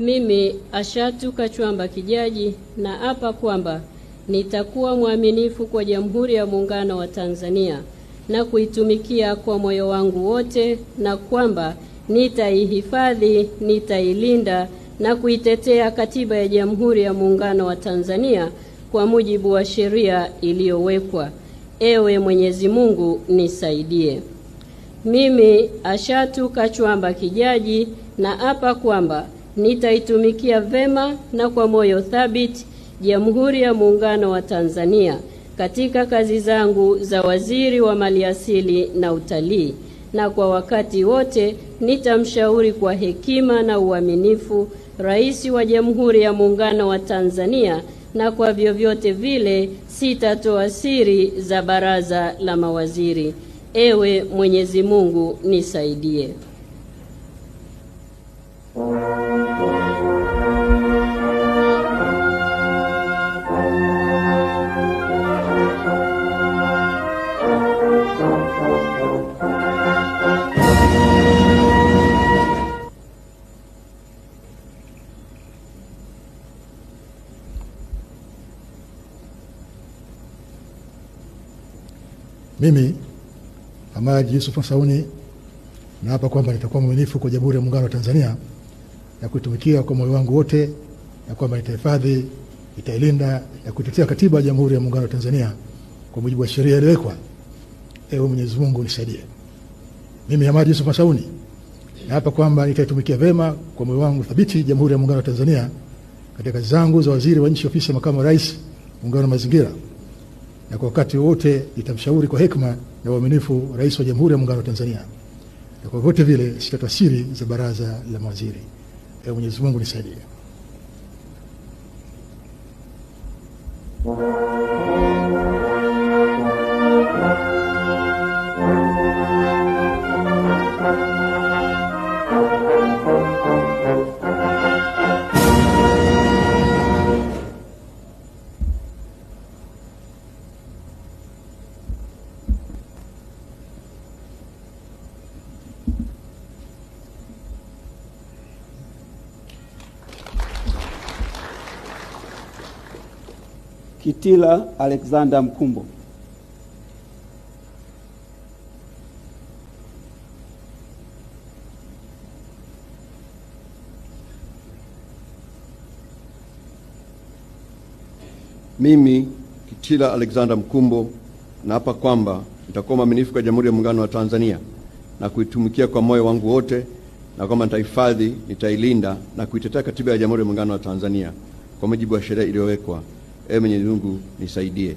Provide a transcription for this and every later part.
Mimi Ashatu Kachwamba Kijaji na hapa kwamba nitakuwa mwaminifu kwa Jamhuri ya Muungano wa Tanzania na kuitumikia kwa moyo wangu wote, na kwamba nitaihifadhi, nitailinda na kuitetea Katiba ya Jamhuri ya Muungano wa Tanzania kwa mujibu wa sheria iliyowekwa. Ewe Mwenyezi Mungu nisaidie. Mimi Ashatu Kachwamba Kijaji na hapa kwamba nitaitumikia vema na kwa moyo thabiti Jamhuri ya Muungano wa Tanzania katika kazi zangu za waziri wa maliasili na utalii, na kwa wakati wote nitamshauri kwa hekima na uaminifu Rais wa Jamhuri ya Muungano wa Tanzania, na kwa vyovyote vile sitatoa siri za baraza la mawaziri. Ewe Mwenyezi Mungu nisaidie. Mimi Hamad Yusuf Masauni naapa kwamba nitakuwa mwaminifu kwa Jamhuri ya Muungano wa Tanzania na kuitumikia kwa moyo wangu wote, na kwamba nitahifadhi, nitailinda na kuitetea Katiba ya Jamhuri ya Muungano wa Tanzania kwa mujibu wa sheria iliyowekwa. Ewe Mwenyezi Mungu nisaidie. Mimi Hamad Yusuf Masauni naapa kwamba nitaitumikia vema kwa moyo wangu thabiti Jamhuri ya Muungano wa Tanzania katika kazi zangu za waziri wa nchi, ofisi ya makamu wa rais, muungano wa mazingira na kwa wakati wowote nitamshauri kwa hekima na uaminifu Rais wa Jamhuri ya Muungano wa Tanzania, na kwa vyote vile sitatoa siri za baraza la mawaziri. E, Mwenyezi Mungu nisaidie. Kitila Alexander Mkumbo. Mimi Kitila Alexander Mkumbo naapa kwamba nitakuwa mwaminifu kwa Jamhuri ya Muungano wa Tanzania na kuitumikia kwa moyo wangu wote, na kwamba nitahifadhi, nitailinda na kuitetea Katiba ya Jamhuri ya Muungano wa Tanzania kwa mujibu wa sheria iliyowekwa. Ee Mwenyezi Mungu nisaidie.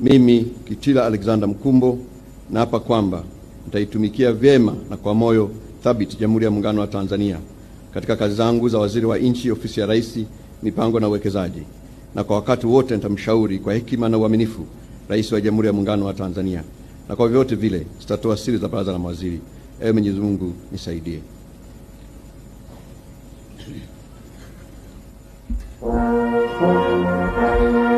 Mimi Kitila Alexander Mkumbo naapa kwamba nitaitumikia vyema na kwa moyo thabiti Jamhuri ya Muungano wa Tanzania katika kazi zangu za waziri wa nchi, ofisi ya Rais, mipango na uwekezaji, na kwa wakati wote nitamshauri kwa hekima na uaminifu Rais wa Jamhuri ya Muungano wa Tanzania, na kwa vyovyote vile sitatoa siri za baraza la mawaziri. Ewe Mwenyezi Mungu nisaidie. Thank you.